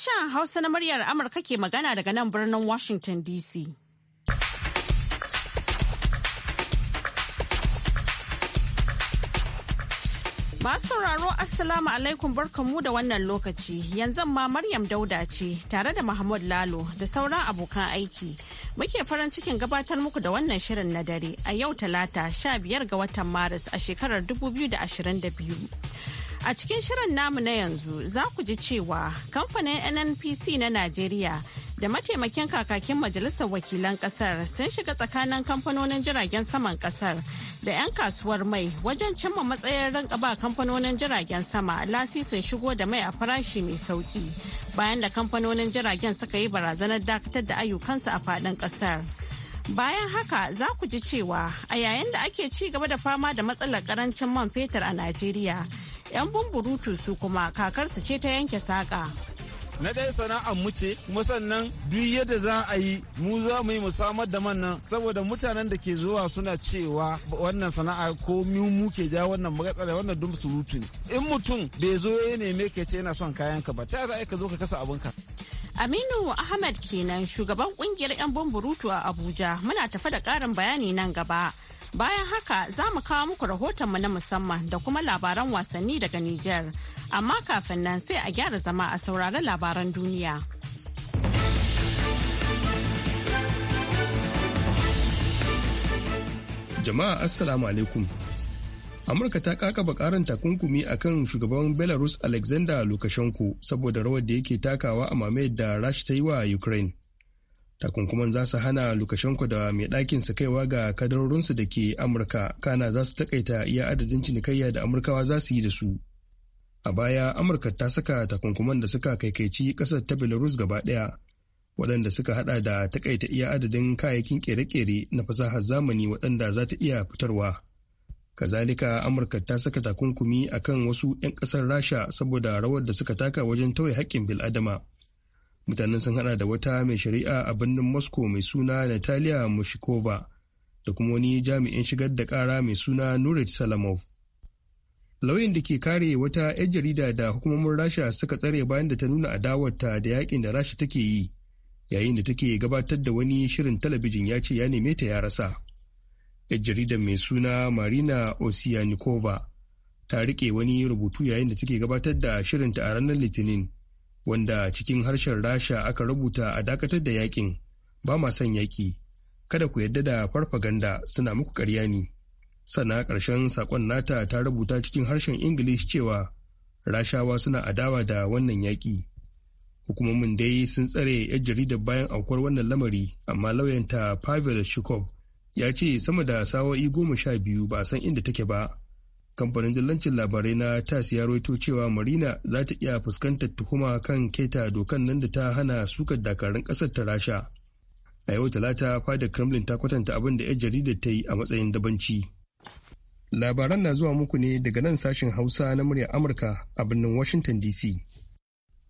Sashen Hausa na muryar Amurka ke magana daga nan birnin Washington DC. Masu sauraro Assalamu alaikum barkanmu da wannan lokaci yanzu ma Maryam Dauda ce tare da Mahmud Lalo da sauran abokan aiki. Muke farin cikin gabatar muku da wannan shirin na dare a yau talata 15 ga watan Maris a shekarar 2022. A cikin shirin namu na yanzu za ku ji cewa kamfanin NNPC na Najeriya da mataimakin kakakin majalisar wakilan kasar sun shiga tsakanin kamfanonin jiragen saman kasar da 'yan kasuwar mai wajen cimma matsayin rinka ba kamfanonin jiragen sama lasisin shigo da mai a farashi mai sauki bayan da kamfanonin jiragen suka yi barazanar dakatar da ayyukansu a fadin kasar. Bayan haka za ku ji cewa a yayin da ake ci gaba da fama da matsalar karancin man fetur a Najeriya. 'Yan bumburutu su kuma kakarsu ce ta yanke saƙa. na ɗaya sana'a mu ce kuma sannan duk yadda za a yi mu za mu yi mu samar da man nan saboda mutanen da ke zuwa suna cewa wannan sana'a ko mu mu ke ja wannan magatsala wannan dum surutu ne in mutum bai zo ya neme ka ce yana son kayan ka ba ta za ka zo ka kasa abin ka Aminu Ahmad kenan shugaban kungiyar 'yan bumburutu a Abuja muna tafa da karin bayani nan gaba. Bayan haka za mu kawo muku rahotonmu na musamman da kuma labaran wasanni daga Nijar. Amma kafin nan sai a gyara zama a saurari labaran duniya. Jama'a Assalamu alaikum. Amurka ta kakaba karin takunkumi a kan shugaban Belarus Alexander Lukashenko saboda rawar da yake takawa a mamayar da Rash ta yi wa Ukraine. takunkuman za su hana lukashenko da mai ɗakinsa kaiwa ga kadarorinsu da ke amurka kana za su takaita iya adadin cinikayya da amurkawa za su yi da su a baya amurka ta saka takunkuman da suka kaikaici ƙasar ta belarus gaba ɗaya waɗanda suka hada da takaita iya adadin kayayyakin ƙere-ƙere na fasahar zamani waɗanda za ta iya fitarwa kazalika amurka ta saka takunkumi akan wasu 'yan ƙasar rasha saboda rawar da suka taka wajen tauye haƙƙin bil'adama mutanen sun hada da wata mai shari'a a birnin moscow mai suna natalia mushikova da kuma wani jami'in shigar da kara mai suna nurit salamov lauyan da ke kare wata 'yan jarida da hukumomin rasha suka tsare bayan da ta nuna adawarta da yakin da rasha take yi yayin da take gabatar da wani shirin talabijin ya ce ya neme ta ya rasa 'yan jarida mai suna marina osiyanikova ta riƙe wani rubutu yayin da take gabatar da shirinta a ranar litinin wanda cikin harshen rasha aka rubuta a dakatar da yakin ba ma son yaƙi. kada ku yadda da farfaganda suna muku karya ne sana ƙarshen saƙon nata ta rubuta cikin harshen ingilish cewa rashawa suna adawa da wannan yaƙi hukumomin dai sun tsare 'yan jaridar bayan aukuwar wannan lamari amma lauyanta pavel shukov ya ce sama da sawa'i goma sha biyu ba san inda take ba kamfanin dillancin labarai na tas ya roito cewa marina za ta iya fuskantar tuhuma kan keta dokan nan da ta hana sukar dakarun kasar ta rasha a yau talata fada kremlin ta kwatanta abin da 'yan jaridar ta yi a matsayin dabanci labaran na zuwa muku ne daga nan sashen hausa na muryar amurka a birnin washington dc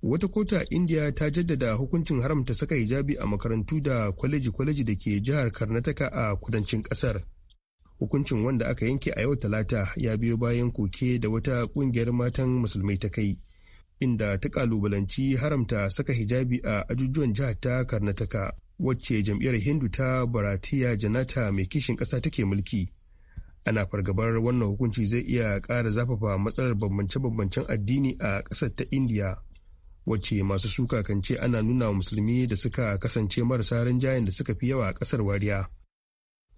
wata kota a india ta jaddada hukuncin haramta saka hijabi a makarantu da kwaleji-kwaleji da ke jihar karnataka a kudancin kasar hukuncin wanda aka yanke a yau talata ya biyo bayan koke da wata kungiyar matan musulmai ta kai inda ta kalubalanci haramta saka hijabi a ajujuwan jihar ta karnataka wacce jam'iyyar hindu ta baratiya janata mai kishin ƙasa take mulki ana fargabar wannan hukunci zai iya ƙara zafafa matsalar bambance-bambancen addini a ƙasar ta indiya wacce masu suka kan ce ana nuna musulmi da suka kasance marasa rinjayen da suka fi yawa a ƙasar wariya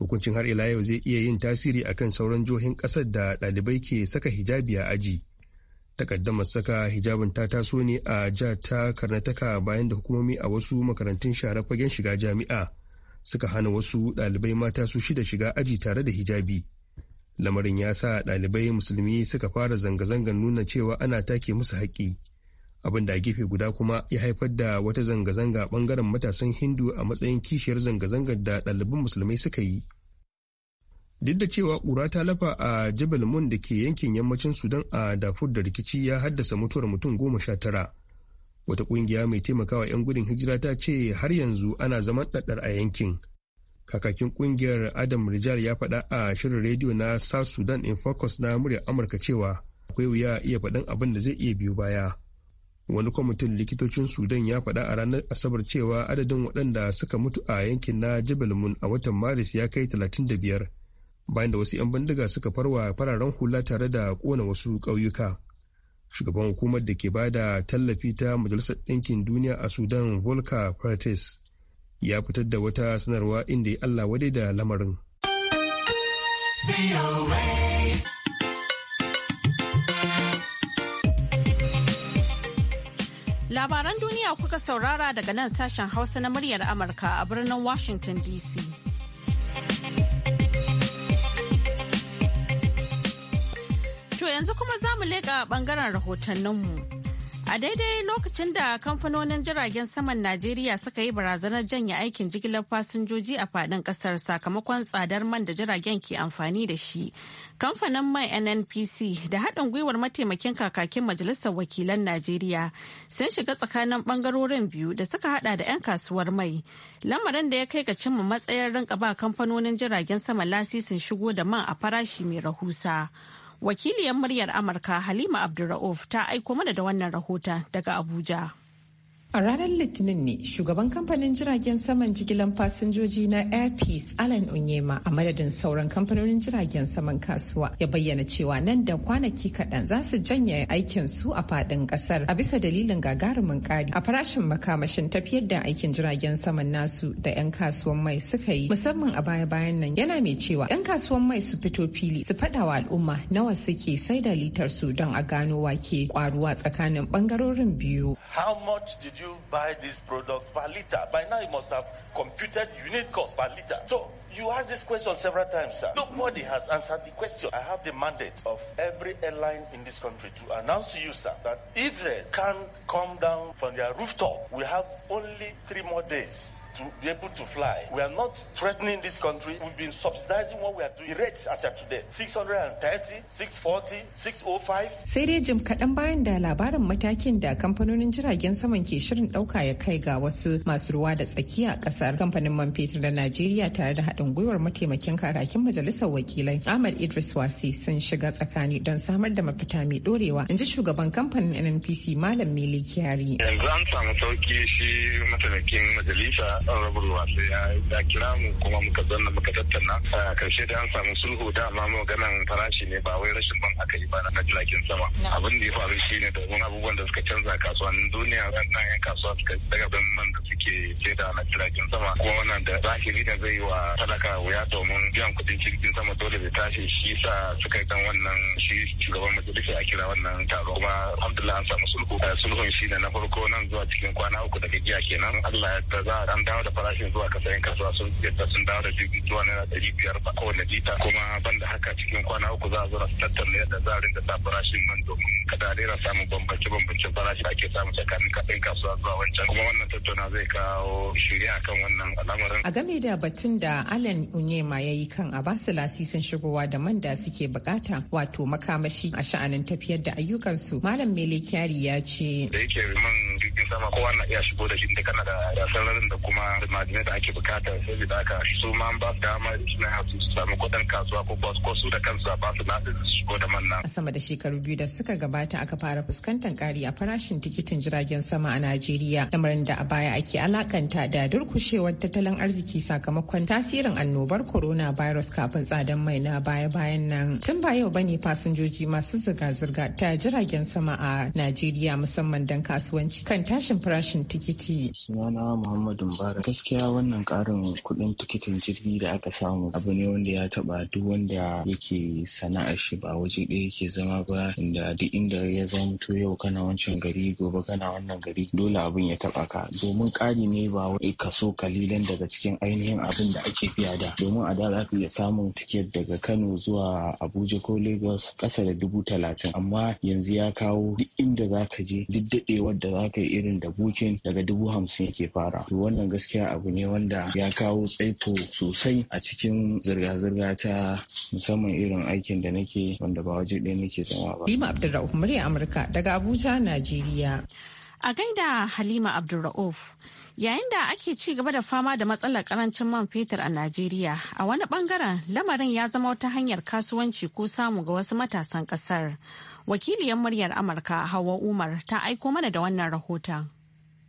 hukuncin har ila yau zai iya yin tasiri akan sauran jihohin kasar da ɗalibai ke saka hijabi a aji takaddamar saka hijabin ta taso ne a jihar ta karnataka bayan da hukumomi a wasu makarantun share fagen shiga jami'a suka hana wasu ɗalibai mata su shida shiga aji tare da hijabi lamarin ya sa ɗalibai musulmi suka fara zanga-zangar nuna cewa ana take musu haƙƙi abin da a gefe guda kuma ya haifar da wata zanga-zanga bangaren matasan hindu a matsayin kishiyar zanga-zangar da ɗaliban musulmai suka yi duk da cewa ƙura ta lafa a jabal mun da ke yankin yammacin sudan a dafur da rikici ya haddasa mutuwar mutum goma sha tara wata ƙungiya mai taimakawa 'yan gudun hijira ta ce har yanzu ana zaman ɗaɗɗar a yankin kakakin ƙungiyar adam rijal ya faɗa a shirin rediyo na south sudan in focus na muryar amurka cewa akwai wuya iya faɗin abin da zai iya biyu baya wani kwamitin likitocin sudan ya faɗa a ranar asabar cewa adadin waɗanda suka mutu a yankin na jebel mun a watan maris ya kai 35 bayan da wasu 'yan bindiga suka farwa fararen hula tare da kona wasu ƙauyuka shugaban hukumar da ke ba da tallafi ta majalisar ɗinkin duniya a sudan volker prates ya fitar da wata sanarwa inda ya allah wadai da lamarin Labaran duniya kuka saurara daga nan sashen Hausa na muryar Amurka a birnin Washington DC. To yanzu kuma za mu leƙa ɓangaren rahotanninmu. A daidai lokacin da kamfanonin jiragen saman Najeriya suka yi barazanar janye aikin jigilar fasinjoji a fadin kasar sakamakon tsadar man da jiragen ke amfani da shi. Kamfanin mai NNPC da haɗin gwiwar mataimakin kakakin Majalisar Wakilan Najeriya sun shiga tsakanin ɓangarorin biyu da suka haɗa da 'yan kasuwar mai. Lamarin da ya kai ga cimma matsayar rinka ba kamfanonin jiragen sama lasisin shigo da man a farashi mai rahusa. Wakiliyar muryar Amurka Halima Abdulra'uf ta aiko mana da wannan rahoton daga Abuja. A ranar Litinin ne shugaban kamfanin jiragen saman jigilan fasinjoji na Airpeace Alan Onyema a madadin sauran kamfanonin jiragen saman kasuwa ya bayyana cewa nan da kwanaki kaɗan za su janye aikin su a faɗin ƙasar a bisa dalilin gagarumin ƙari a farashin makamashin tafiyar da aikin jiragen saman nasu da 'yan kasuwan mai suka yi musamman a baya-bayan nan yana mai cewa 'yan kasuwan mai su fito fili su faɗa al'umma nawa suke saida litar su don a gano wake kwaruwa tsakanin ɓangarorin biyu. you buy this product per liter? By now you must have computed unit cost per liter. So you asked this question several times, sir. Nobody has answered the question. I have the mandate of every airline in this country to announce to you, sir, that if they can't come down from their rooftop, we have only three more days to be able to fly. We are not threatening this country. We've been subsidizing what we are doing. The rates as of today, 630, 640, 605. Sai dai jim kaɗan bayan da labarin matakin da kamfanonin jiragen saman ke shirin ɗauka ya kai ga wasu masu ruwa da tsakiya a ƙasar kamfanin man fetur na Najeriya tare da haɗin gwiwar mataimakin kakakin majalisar wakilai Ahmad Idris Wasi sun shiga tsakani don samar da mafita mai ɗorewa. In ji shugaban kamfanin NNPC Malam Mili Kyari. Yanzu an samu sauki shi mataimakin majalisa rabin sai ya kira mu kuma muka zanna muka tattauna a karshe da an samu sulhu dama maganan farashi ne ba wai rashin ban aka yi ba na jiragen sama abin da ya faru shi ne wani abubuwan da suka canza kasuwannin duniya nan yan kasuwa suka daga birnin da suke da na jiragen sama kuma wannan da zahiri da zai yi wa talaka wuya domin biyan kuɗin jirgin sama dole zai tashi shi sa suka yi dan wannan shi shugaban majalisa a kira wannan taro kuma alhamdulillah an samu sulhu sulhun shi ne na farko nan zuwa cikin kwana uku daga jiya kenan Allah ya za a dawo da farashin zuwa kasa kasuwa sun yadda sun dawo da jirgin zuwa naira ɗari biyar ba kowane lita kuma ban da haka cikin kwana uku za a zo su tattauna yadda za a rinka sa farashin man domin kada a rera samun bambance bambance farashi ake samu tsakanin kaɗan kasuwa zuwa wancan kuma wannan tattauna zai kawo shirya akan wannan al'amarin. A game da batun da Alan Unyema ya yi kan a basu lasisin shigowa da man da suke bukata wato makamashi a sha'anin tafiyar da ayyukansu Malam Mele Kyari ya ce. Da yake man jirgin sama kowa na iya shigo da shi inda kana da sararin da kuma kuma ma'adinai da ake bukata saboda haka su ma ba su dama suna su samu kudin kasuwa ko ko su da kansu ba su na su shigo da man nan. sama da shekaru biyu da suka gabata aka fara fuskantar kari a farashin tikitin jiragen sama a Najeriya lamarin da a baya ake alakanta da durkushewar tattalin arziki sakamakon tasirin annobar corona virus kafin tsadan mai na baya-bayan nan. Tun ba yau bane fasinjoji masu zirga-zirga ta jiragen sama a Najeriya musamman don kasuwanci kan tashin farashin tikiti. Sunana Muhammadu Mbari. fara. gaskiya wannan karin kuɗin tikitin jirgi da aka samu abu ne wanda ya taɓa duk wanda yake sana'a shi ba waje ɗaya yake zama ba inda duk inda ya zama to yau kana wancan gari gobe kana wannan gari dole abin ya taɓa ka domin ƙari ne ba wai kaso kalilan daga cikin ainihin abin da ake biya da domin a da za ka iya samun tiket daga Kano zuwa Abuja ko Lagos ƙasa da dubu talatin amma yanzu ya kawo duk inda za ka je duk daɗewar da za ka yi irin da bukin daga dubu hamsin yake fara to wannan gaskiya abu ne wanda ya kawo tsaiko sosai a cikin zirga-zirga ta musamman irin aikin da nake wanda ba waje ɗaya nake zama ba. Lima Abdulrahman murya Amurka daga Abuja, Najeriya. A gaida Halima Abdulra'uf, yayin da ake ci gaba da fama da matsalar karancin man fetur a Najeriya, a wani bangaren lamarin ya zama wata hanyar kasuwanci ko samu ga wasu matasan kasar. Wakiliyar muryar Amurka Hawa Umar ta aiko mana da wannan rahoton.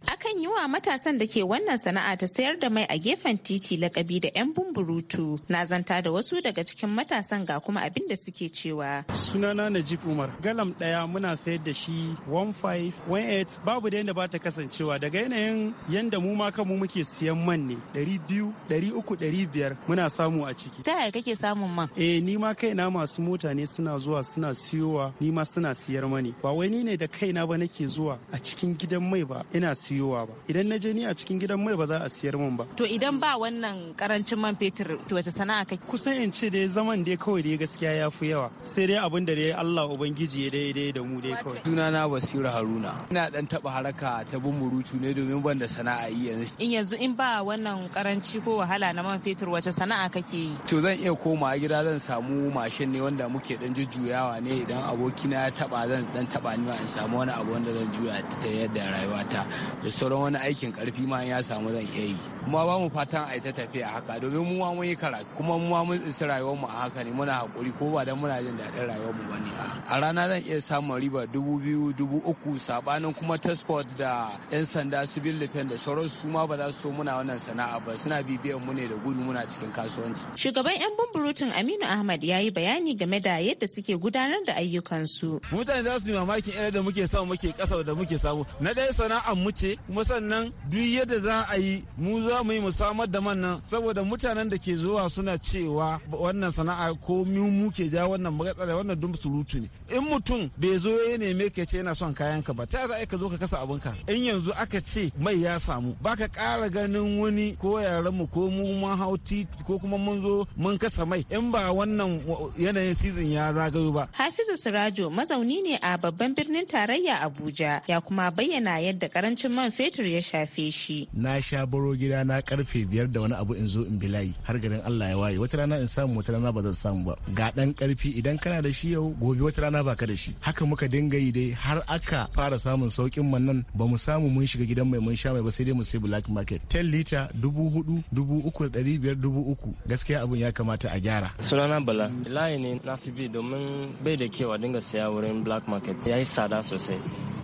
Akan yi wa matasan da ke wannan sana'a ta sayar da mai a gefen titi lakabi da 'yan bumburutu. Na zanta da wasu daga cikin matasan ga kuma abin da suke cewa. Sunana Najib Umar. Galam ɗaya muna sayar da shi 1518 babu da yadda ba ta kasancewa daga yanayin yadda mu ma kanmu muke siyan man ne 200 300 500 muna samu a ciki. Ta yaya kake samun man? Eh ni ma kaina masu mota ne suna zuwa suna siyowa ni ma suna siyar mani. Ba wai ni ne da kaina ba nake zuwa a cikin gidan mai ba ina siyo siyowa ba idan na je ni a cikin gidan mai ba za a siyar min ba to idan ba wannan karancin man fetur wace sana'a kai kusan in ce dai zaman dai kawai dai gaskiya ya fi yawa sai dai abin da dai Allah ubangiji ya dai dai da mu dai kawai sunana Basira Haruna ina dan taba haraka ta bumburutu ne domin ban da sana'a yi yanzu in yanzu in ba wannan karanci ko wahala na man fetur wace sana'a kake yi to zan iya koma gida zan samu mashin ne wanda muke dan jujjuyawa ne idan abokina ya taba zan dan taba ni ma in samu wani abu wanda zan juya ta yadda rayuwata da sauran wani aikin karfi ma ya samu zan iya yi kuma ba mu fatan a yi ta tafiya haka domin mu mun yi karatu kuma mu mun tsinci rayuwar mu a haka ne muna hakuri ko ba dan muna jin daɗin rayuwar mu bane a rana zan iya samun riba dubu biyu dubu uku sabanin kuma tasport da yan sanda civil defense da sauran su ma ba za su so muna wannan sana'a ba suna bibiyan mu ne da gudu muna cikin kasuwanci shugaban yan bumburutun Aminu Ahmad ya yi bayani game da yadda suke gudanar da ayyukansu mutane za su yi mamakin irin muke samu muke kasa da muke samu na ɗaya sana'ar mu ce kuma sannan duk yadda za a yi mu za mu yi mu samar da man nan saboda mutanen da ke zuwa suna cewa wannan sana'a ko mu muke ja wannan magatsala wannan dun surutu ne in mutum bai zo ya neme ka ce yana son kayan ka ba ta za a ka zo ka kasa ka in yanzu aka ce mai ya samu baka kara ganin wani ko yaran mu ko mu mun hau ko kuma mun zo mun kasa mai in ba wannan yanayin season ya zagayo ba hafizu sirajo mazauni ne a babban birnin tarayya abuja ya kuma bayyana yadda karancin man fetur ya shafe shi. Na sha baro gida na karfe biyar da wani abu in zo in bilayi har garin Allah ya waye wata rana in samu wata rana ba zan samu ba ga dan karfi idan kana da shi yau gobe wata rana baka da shi haka muka dinga yi dai har aka fara samun saukin man nan ba mu samu mun shiga gidan mai mun sha mai ba sai dai mu sai black market 10 lita dubu hudu dubu uku da dari biyar dubu uku gaskiya abun ya kamata a gyara. Sunana Bala layi ne na fi bi domin bai da kewa dinga saya wurin black market ya yi tsada sosai.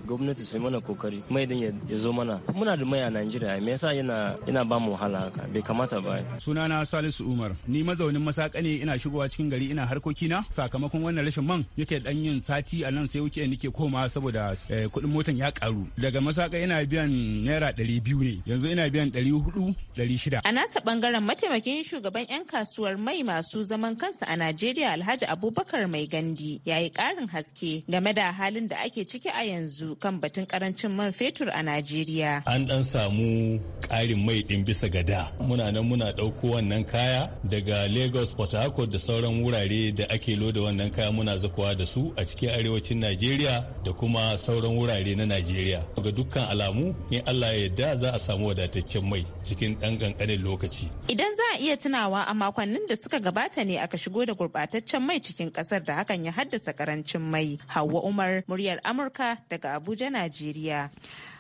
gwamnati su mana kokari mai din ya zo mana muna da mai a Najeriya me yasa yana yana ba mu wahala haka bai kamata ba sunana Salisu Umar ni mazaunin masaka ne ina shigowa cikin gari ina harkoki na sakamakon wannan rashin man yake dan yin sati a nan sai wuke nake koma saboda eh, kuɗin motan ya karu daga masaka ina biyan naira ɗari biyu ne yanzu ina biyan ɗari hudu ɗari shida a nasa bangaren mataimakin shugaban 'yan kasuwar mai masu zaman kansa a Najeriya Alhaji Abubakar Mai Gandi ya yi ƙarin haske game da halin da ake ciki a yanzu kan batun karancin man fetur a Najeriya. An dan samu ƙarin mai ɗin bisa gada Muna nan muna ɗauko wannan kaya daga Lagos, Port Harcourt da sauran wurare da ake loda wannan kaya muna zakowa da su a cikin arewacin Najeriya da kuma sauran wurare na Najeriya. Ga dukkan alamu in Allah ya yarda za a samu wadataccen mai cikin ɗan ƙanƙanin lokaci. Idan za a iya tunawa a makonnin da suka gabata ne aka shigo da gurɓataccen mai cikin ƙasar da hakan ya haddasa ƙarancin mai. Hauwa Umar, muryar Amurka daga Abuja. Abuja, Najeriya.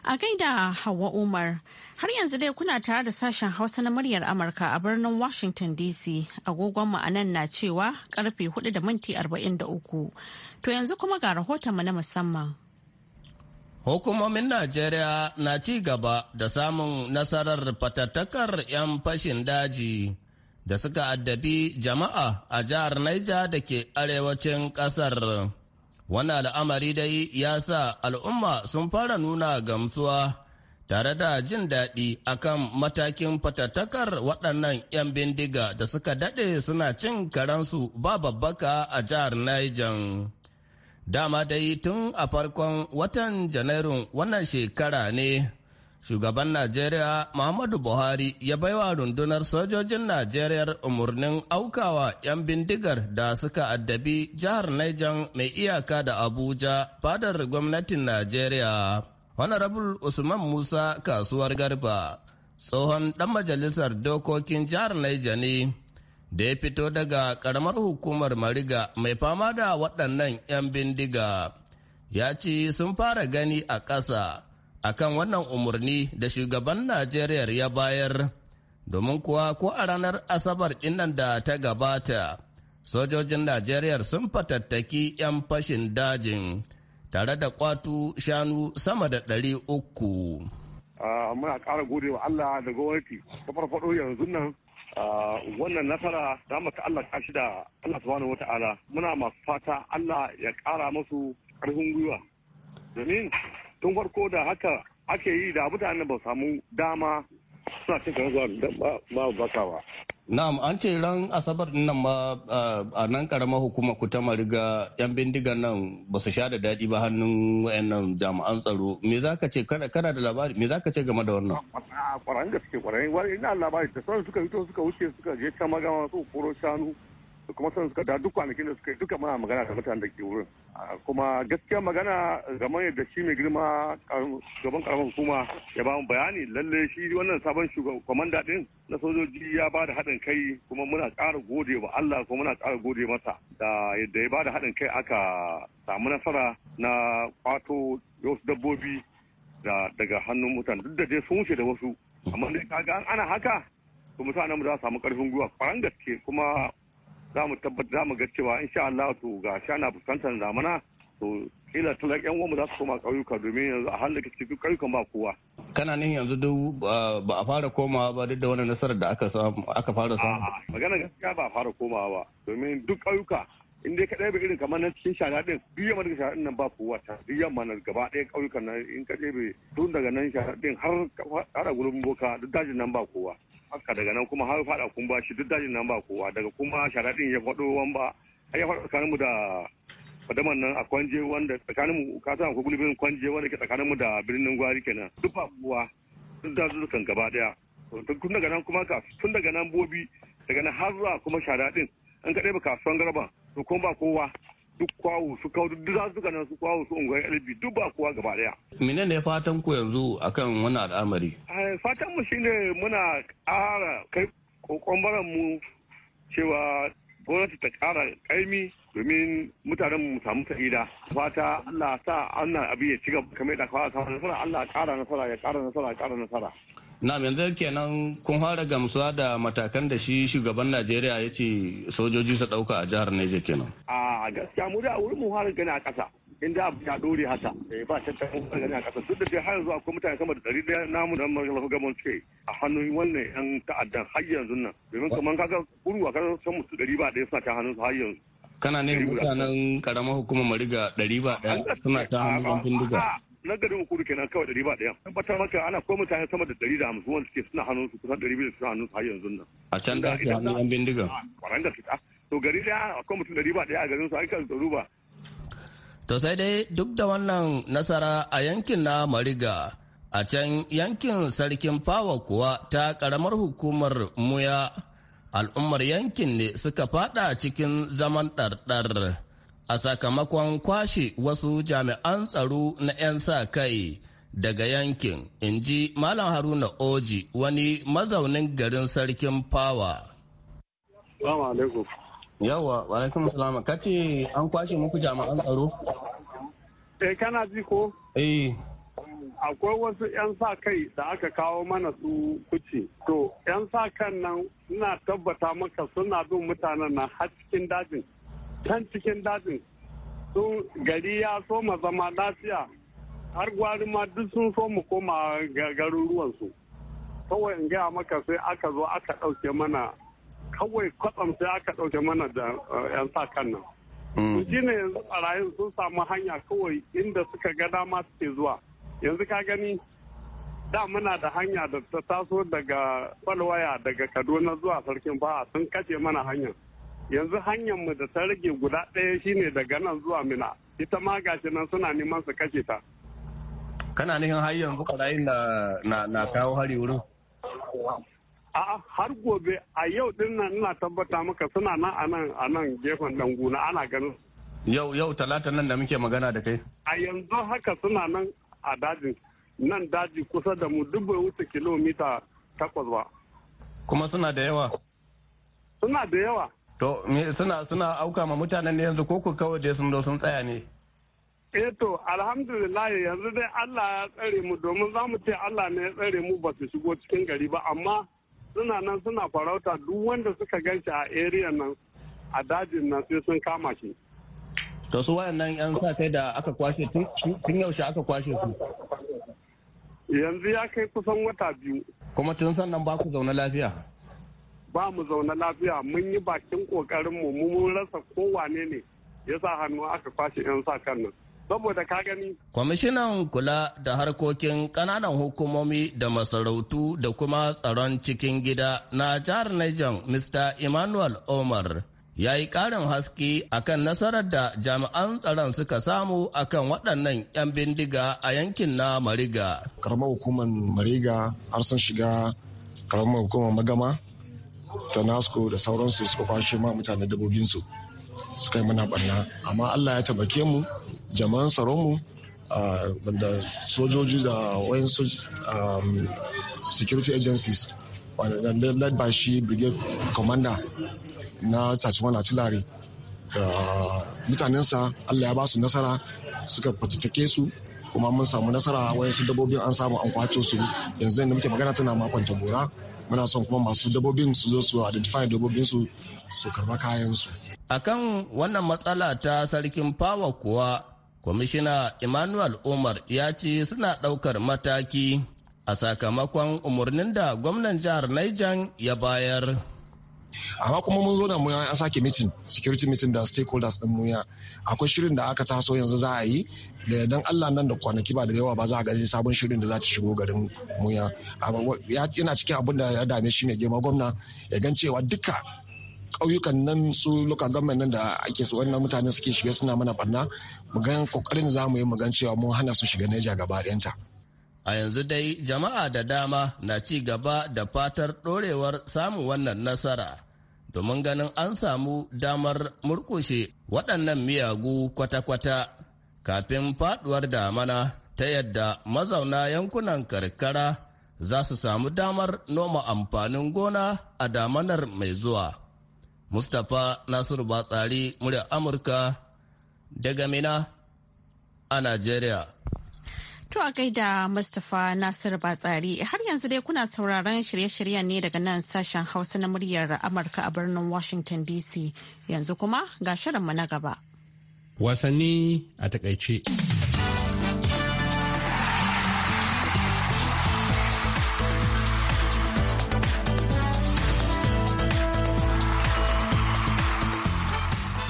A gaida Hauwa Umar, har yanzu dai kuna tare da sashen Hausa na muryar Amurka a birnin Washington DC. Agogonmu a nan na cewa karfe 4 da minti 43. To yanzu kuma ga rahotonmu na musamman. Hukumomin Najeriya na ci gaba da samun nasarar fatattakar 'yan fashin daji da suka addabi jama'a a jihar Naija da ke arewacin ƙasar. Wannan al'amari dai ya sa al'umma sun fara nuna gamsuwa tare da jin daɗi akan matakin fatattakar waɗannan 'yan bindiga da suka daɗe suna cin karansu ba babbaka a jihar Niger. Dama dai tun a farkon watan Janairun wannan shekara ne. shugaban Najeriya Muhammadu Buhari ya bai wa rundunar sojojin Najeriya umarnin aukawa 'yan bindigar da suka addabi jihar Niger mai iyaka da Abuja fadar gwamnatin Najeriya. Honorable Usman Musa kasuwar Garba, tsohon ɗan majalisar dokokin jihar Niger ne da ya fito daga ƙaramar hukumar Mariga mai fama da waɗannan 'yan bindiga, ya ce sun fara gani a ƙasa. akan wannan umarni da shugaban Najeriya ya bayar domin kuwa ko a ranar Asabar dinnan da ta gabata sojojin Najeriya sun fatattaki 'yan fashin dajin tare da kwatu shanu sama da ɗari uku. Ah, muna ƙara gode wa Allah da gwamnati ta faɗo yanzu nan ah, wannan nasara da mata Allah kashi da Allah subhanahu ta'ala muna masu fata Allah ya ƙara masu ƙarfin gwiwa tun farko da haka ake yi da mutane ba samu dama suna cin da ba baka ba. Na'am an ce ran asabar nan ma a nan karamar hukumar ku ta mariga yan bindigan nan ba su sha da daɗi ba hannun wayannan jami'an tsaro me za ka ce kana da labari me za ka ce game da wannan. Kwaran gaske kwaran wani ina labari da sauran suka fito suka wuce suka je can magama su koro shanu kuma sun suka duk kwanakin da suka yi duka mana magana da mutanen da ke wurin kuma gaskiya magana game da shi mai girma gaban karamar hukuma ya ba mu bayani lalle shi wannan sabon shugaban kwamanda din na sojoji ya ba da haɗin kai kuma muna ƙara gode wa Allah kuma muna ƙara gode masa da yadda ya ba da haɗin kai aka samu nasara na kwato wasu dabbobi da daga hannun mutane duk da dai sun wuce da wasu amma dai kaga ana haka kuma mutanen mu za su samu karfin gwiwa kwaran gaske kuma za mu tabbatar za mu ga cewa insha Allah to ga na fuskantar zamana to kila talak yan uwanmu za su koma ƙauyuka domin yanzu a halin da cikin ƙauyukan ba kowa. kana nan yanzu duk ba a fara komawa ba duk da wani nasarar da aka samu aka fara samu. magana gaskiya ba a fara komawa ba domin duk ƙauyuka in dai kaɗai ba irin kamar nan cikin shara ɗin duk yamma daga shara nan ba kowa ta duk yamma na gaba ɗaya ƙauyukan nan in kaɗai bai tun daga nan shara ɗin har ƙara gurin boka duk dajin nan ba kowa. haka daga nan kuma har faɗa kumba shi duk dajin nan ba kowa daga kuma sharaɗin ya faɗo wani ba har ya faɗo tsakaninmu da fadaman nan a kwanje wanda tsakaninmu ka san akwai gulbin kwanje wanda ke tsakaninmu da birnin gwari kenan duk ba kowa duk da zuwa kan gaba daya tun daga nan kuma tun daga nan bobi daga nan har zuwa kuma sharaɗin an kaɗai ba kasuwan garba to kuma ba kowa duk kwawo su kawo duk za su gana su kwawo su unguwar LB duk ba kowa gaba daya. Mene ne fatan ku yanzu akan wani al'amari? Eh, fatan mu shine muna ƙara kai kokombaran mu cewa gwamnati ta ƙara ƙaimi domin mutanen mu samu sa'ida. Fata Allah sa Allah abin ya ci gaba kamar da kawai nasara Allah ƙara nasara ya ƙara nasara ya ƙara nasara. na yanzu kenan kun fara gamsuwa da matakan da shi shugaban najeriya ya ce sojoji su dauka a jihar neja kenan a gaskiya mu da wurin mu fara gani a ƙasa inda abu ya dore haka eh, ba ta ta kuma gani a ƙasa duk da dai har yanzu akwai mutane sama da ɗari ɗaya namu da mu lafi gaban suke a hannun wannan yan ta'addan har yanzu nan domin kamar kaga kuru a kan san mutu ɗari ba ɗaya suna ta hannun su har yanzu kana ne mutanen karamar hukumar mariga ɗari ba ɗaya suna ta hannun bindiga na garin ukuru kenan kawai dari ba ɗaya tabbatar maka ana ko mutane sama da dari da hamsin wanda suke suna hannunsu kusan dari biyu da suna hannunsu har yanzu nan. a can da ake hannun yan bindiga. kwaran ah, da fita ah, to gari ɗaya akwai mutum dari ba ɗaya a garin su an kan tsaro ba. to sai dai duk da wannan nasara a yankin na mariga a can yankin sarkin fawa kuwa ta karamar hukumar muya al'ummar yankin ne suka fada cikin zaman ɗarɗar. a sakamakon kwashe wasu jami'an tsaro na 'yan sa kai daga yankin in ji malam haruna oji wani mazaunin garin sarkin fawa yawa alaikum salama kace an kwashe muku jami'an tsaro eh kana ji ko eh akwai wasu 'yan sa kai da aka kawo mana su kuce to 'yan sa kan nan suna tabbata maka suna bin mutanen nan har cikin dajin can cikin dajin sun gari ya soma zama lafiya har gwari ma duk sun so mu koma garuruwansu kawai in gaya maka sai aka zo aka ɗauke mana kawai kwatsam sai aka ɗauke mana da eh, 'yan sa kan nan mm. shi ne yanzu barayin sun samu hanya kawai inda suka ga dama suke zuwa yanzu ka gani da muna da hanya da ta taso daga falwaya daga kaduna zuwa sarkin baha sun kace mana hanyar yanzu hanyar mu da ta rage guda ɗaya shine daga nan zuwa mina ita ma gashi nan suna neman su kashe ta kana nihin har yanzu barayin na na kawo hari wurin a har gobe a yau din nan ina tabbata maka suna nan a nan a nan gefen danguna ana ganin yau yau talata nan da muke magana da kai a yanzu haka suna nan a dajin nan daji kusa da mu duk bai wuce kilomita takwas ba kuma suna da yawa suna da yawa to suna suna auka ma mutanen ne yanzu ko kawai dai sun zo sun tsaya ne E, to alhamdulillah yanzu dai Allah ya tsare mu domin za mu ce Allah ne ya tsare mu ba su shigo cikin gari ba amma suna nan suna farauta duk wanda suka ganshi a area nan a dajin nan sai sun kama shi to su wayannan yan sa kai da aka kwashe tun yaushe aka kwashe su yanzu ya kai kusan wata biyu kuma tun sannan ba ku zaune lafiya ba mu zaune lafiya mun yi bakin kokarin mu mun rasa kowane ne ya sa hannu aka kwashe 'yan sa kan nan saboda ka gani. Kwamishinan kula da harkokin ƙananan hukumomi da masarautu da kuma tsaron cikin gida na jihar Niger, Mr. Emmanuel Omar, ya yi ƙarin haske akan nasarar da jami'an tsaron suka samu akan waɗannan 'yan bindiga a yankin na Mariga. Karamar hukumar Mariga har sun shiga karamar hukumar Magama ta nasco da sauransu suka kwashe ma mutane dabobinsu suka yi mana barna amma allah ya taimake mu jama'an mu da sojoji da wayansu security agencies led by shi brigade commander na tachiman artillery da mutanensa allah ya ba su nasara suka fatattake su kuma mun samu nasara wayansu dabbobin an samu an kwato su yanzu da muke magana tana makon tabora muna son kuma masu dabobin su zo su identify dabobin su su karba kayan su akan wannan matsala ta sarkin fawa kuwa kwamishina emmanuel umar ya ce suna ɗaukar mataki a sakamakon umarnin da gwamnan jihar niger ya bayar amma kuma mun zo da mu an sake mitin security mitin da stakeholders din mu akwai shirin da aka taso yanzu za a yi da dan Allah nan da kwanaki ba da yawa ba za a gani sabon shirin da za ta shigo garin mu ya yana cikin abin da ya dame shi ne girma gwamna ya gan cewa duka ƙauyukan nan su local government nan da ake su wannan mutane suke shiga suna mana barna mu ga kokarin za mu yi mu gan cewa mun hana su shiga Niger gaba yanta. A yanzu dai jama'a da dama na ci gaba da fatar ɗorewar samun wannan nasara domin ganin an samu damar murkushe waɗannan miyagu kwata-kwata kafin faɗuwar damana ta yadda mazauna yankunan karkara za su samu damar noma amfanin gona a damanar mai zuwa. Mustapha Nasiru Batsari, murya Amurka, daga Mina a Najeriya. To a gaida Mustapha Nasir Batsari har yanzu dai kuna sauraron shirye-shiryen ne daga nan sashen Hausa na muryar Amurka a birnin Washington DC yanzu kuma ga shirin mu na gaba. Wasanni a takaice.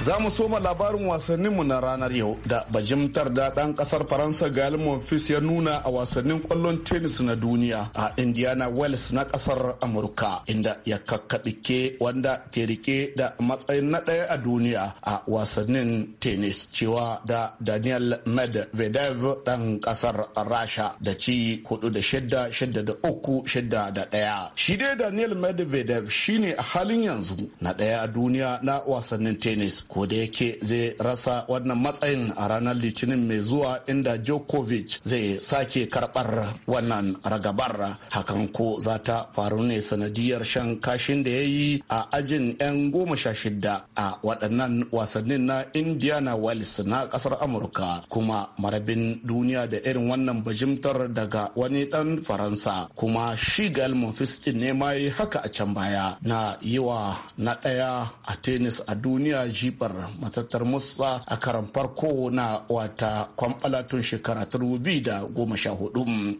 Za mu soma labarin wasannin mu na ranar yau da bajimtar da ɗan ƙasar Faransa Gael Monfils ya nuna a wasannin ƙwallon tenis na duniya a Indiana Wells na ƙasar Amurka inda ya kakkaɗike wanda ke rike da matsayin na ɗaya a duniya a wasannin tenis cewa da Daniel Medvedev ɗan ƙasar Rasha da ci hudu da shidda shidda da uku shidda da ɗaya. Shi dai Daniel Medvedev shine a halin yanzu na ɗaya a duniya na wasannin tenis. ko da yake zai rasa wannan matsayin a ranar litinin mai zuwa inda Djokovic zai sake karbar wannan ragabar hakan ko za ta faru ne sanadiyar shan kashin da ya yi a ajin 'yan goma sha shida a waɗannan wasannin na Indiana wales na ƙasar Amurka kuma marabin duniya da irin wannan bajimtar daga wani ɗan Faransa kuma Shigal Monfils ɗin ne ma haka a can baya na yiwa na ɗaya a tennis a duniya GP ribar matattar musa a karan farko na wata kwamfala tun shekara ta hudu.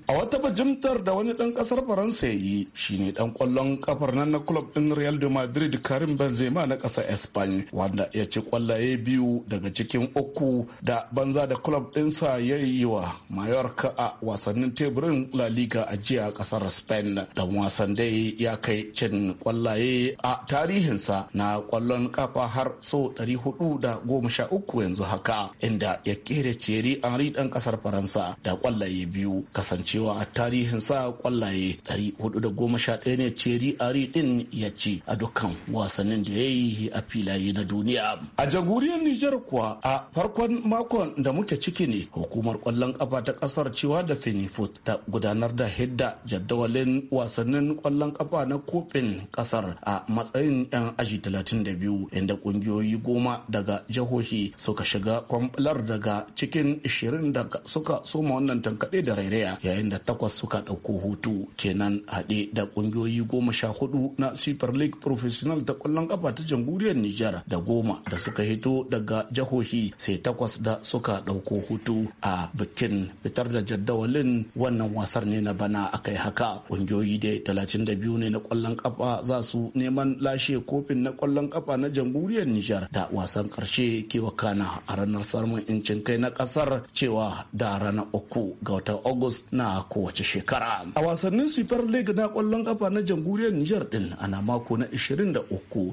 a wata bajimtar da wani dan kasar faransa ya yi shine dan kwallon kafar nan na club din real de madrid karim benzema na kasar spain wanda ya ci kwallaye biyu daga cikin uku da banza da club dinsa ya yi wa mallorca a wasannin teburin la liga a jiya kasar spain dan wasan dai ya kai cin kwallaye a tarihinsa na kwallon kafa har so 413 yanzu haka inda ya kere Thierry Henry dan kasar Faransa da kwallaye biyu kasancewa a tarihin sa kwallaye 411 ne Thierry Henry din ya ci a dukkan wasannin da ya yi a filaye na duniya. A jamhuriyar Nijar kuwa a farkon makon da muke ciki ne hukumar kwallon kafa ta kasar cewa da Fenifut ta gudanar da hidda jadawalin wasannin kwallon kafa na kofin kasar a matsayin 'yan aji 32 inda kungiyoyi goma goma daga jihohi suka shiga kwamfular daga cikin 20 da suka soma wannan tankaɗe da rairaya yayin da takwas suka ɗauko hutu kenan haɗe da ƙungiyoyi goma sha hudu na super league professional ta ƙwallon ƙafa ta jamhuriyar nijar da goma da suka hito daga jihohi sai takwas da suka ɗauko hutu a bikin fitar da jadawalin wannan wasar ne na bana akai haka ƙungiyoyi da talatin da biyu ne na ƙwallon ƙafa za su neman lashe kofin na ƙwallon ƙafa na jamhuriyar nijar da wasan karshe ke wakana a ranar samun incin kai na kasar cewa da ranar uku ga watan august na kowace shekara a wasannin super league na kwallon kafa na jamhuriyar niger din ana mako na 23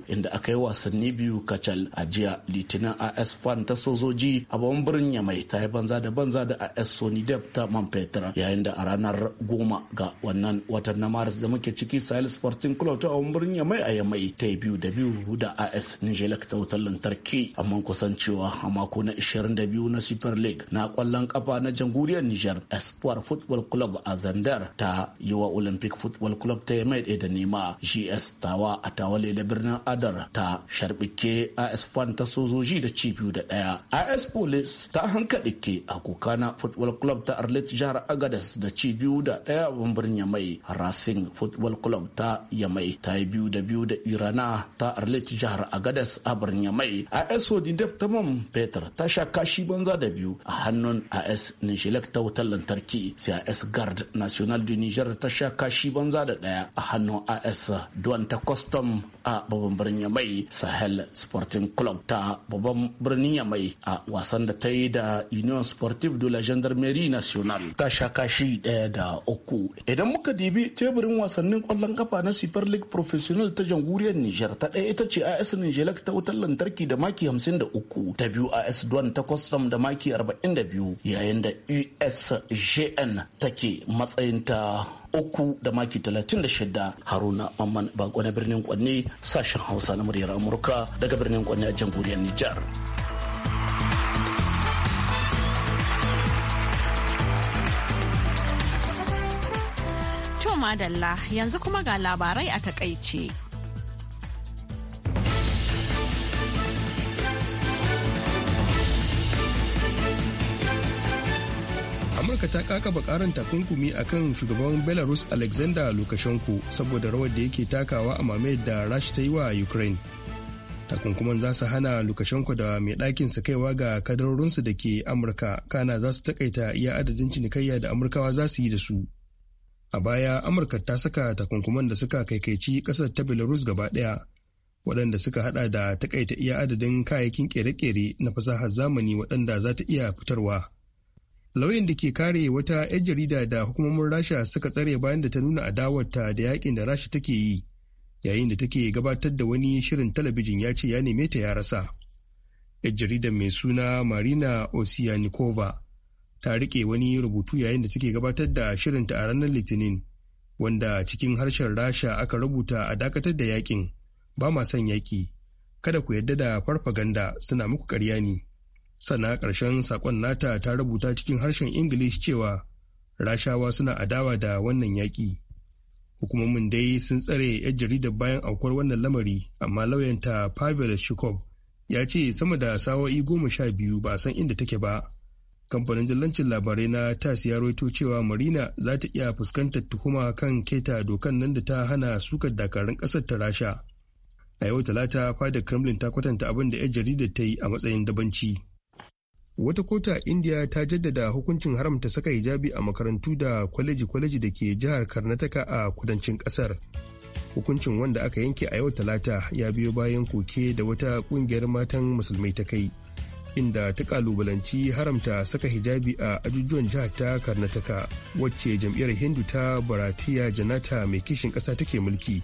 inda aka yi wasanni biyu kacal a jiya litinin as fan ta sojoji a babban birnin yamai ta yi banza da banza da as sony dep ta man fetur yayin da a ranar goma ga wannan watan na maris da muke ciki sahel sporting club ta babban birnin yamai a yamai ta yi biyu da biyu da as nijelak ta wutar lantarki tarke amma kusan cewa a mako na 22 na super league na kwallon kafa na jamhuriyar niger espoir football club a zandar ta yi wa olympic football club ta mai da nema gs tawa a tawale da birnin adar ta sharbike as fan ta sojoji da ci biyu da daya as police ta hankali ke a kokana football club ta arlet jihar Agadez da ci biyu da daya bambarin yamai racing football club ta yamai ta yi biyu da biyu da irana ta arlet jihar Agadez a birnin yamai A S dindab ta man fetur ta sha kashi banza da biyu a hannun as nishilek ta wutar lantarki sai S guard national du niger ta sha kashi banza da ɗaya a hannun as duwan ta custom a babban birnin Yamai Sahel Sporting Club ta babban birnin Yamai a wasan da ta yi da Union Sportive de la Gendarmerie Nationale ta sha kashi ɗaya da uku. Idan muka dibi teburin wasannin kwallon kafa na Super League Professional ta jamhuriyar niger ta ɗaya ita ce AS Nijelak ta wutar lantarki da maki hamsin da uku, ta biyu AS Duan ta Custom da maki arba'in da biyu, yayin da USJN take matsayinta uku da maki talatin shida haruna mamman bako na birnin kwanne sashen hausa na muryar amurka daga birnin kwanne a jamhuriyar nijar to madalla yanzu kuma ga labarai a takaice amurka ta kakaba karin takunkumi akan shugaban belarus alexander lukashenko saboda rawar da yake takawa a mamayar da rashi ta yi wa ukraine takunkuman za su hana lukashenko da mai ɗakin sa kaiwa ga kadarorinsu da ke amurka kana za su takaita iya adadin cinikayya da amurkawa za su yi da su a baya amurka ta saka takunkuman da suka kaikaici ƙasar ta belarus gaba ɗaya waɗanda suka hada da takaita iya adadin kayayyakin kere-kere na fasahar zamani waɗanda za ta iya fitarwa Lauyin da ke kare wata 'yan jarida da hukumomin rasha suka tsare bayan da ta nuna adawarta da yakin da rasha take yi yayin da take gabatar da wani shirin talabijin ya ce ya neme ta ya rasa 'yan jaridar mai suna marina osiyanikova ta rike wani rubutu yayin da take gabatar da shirinta a ranar litinin wanda cikin harshen rasha aka rubuta a dakatar da yakin ba ma son yaki kada ku yadda da farfaganda suna muku karya ne sannan ƙarshen sakon nata ta rubuta cikin harshen ingilishi cewa rashawa suna adawa da wannan yaƙi hukumomin dai sun tsare 'yan jaridar bayan aukuwar wannan lamari amma lauyanta pavel shukov ya ce sama da sawa'i goma sha biyu ba a san inda take ba kamfanin dillancin labarai na tas ya roito cewa marina za ta iya fuskantar tuhuma kan keta dokan nan da ta hana sukar dakarun ƙasar ta rasha a yau talata fadar kremlin ta kwatanta abin da 'yan jaridar ta yi a matsayin dabanci wata kota a india ta jaddada hukuncin haramta saka hijabi a makarantu da kwaleji-kwaleji da ke jihar karnataka a kudancin kasar hukuncin wanda aka yanke a yau talata ya biyo bayan koke da wata kungiyar matan musulmai ta kai inda ta kalubalanci haramta saka hijabi a ajujuwan jihar ta karnataka wacce jam'iyyar hindu ta baratiya janata mai kishin ƙasa take mulki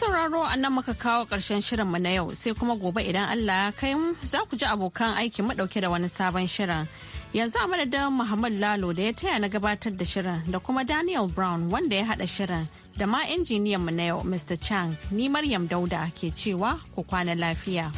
sauraro a nan muka kawo ƙarshen shirinmu na yau sai kuma gobe idan Allah ya kai mu za ku ji abokan aiki madauke da wani sabon shirin. Yanzu a madadin Muhammad Lalo da ya taya na gabatar da shirin da kuma Daniel Brown wanda ya haɗa shirin da ma mu na yau Mr. Chang ni Maryam Dauda ke cewa ku kwana lafiya.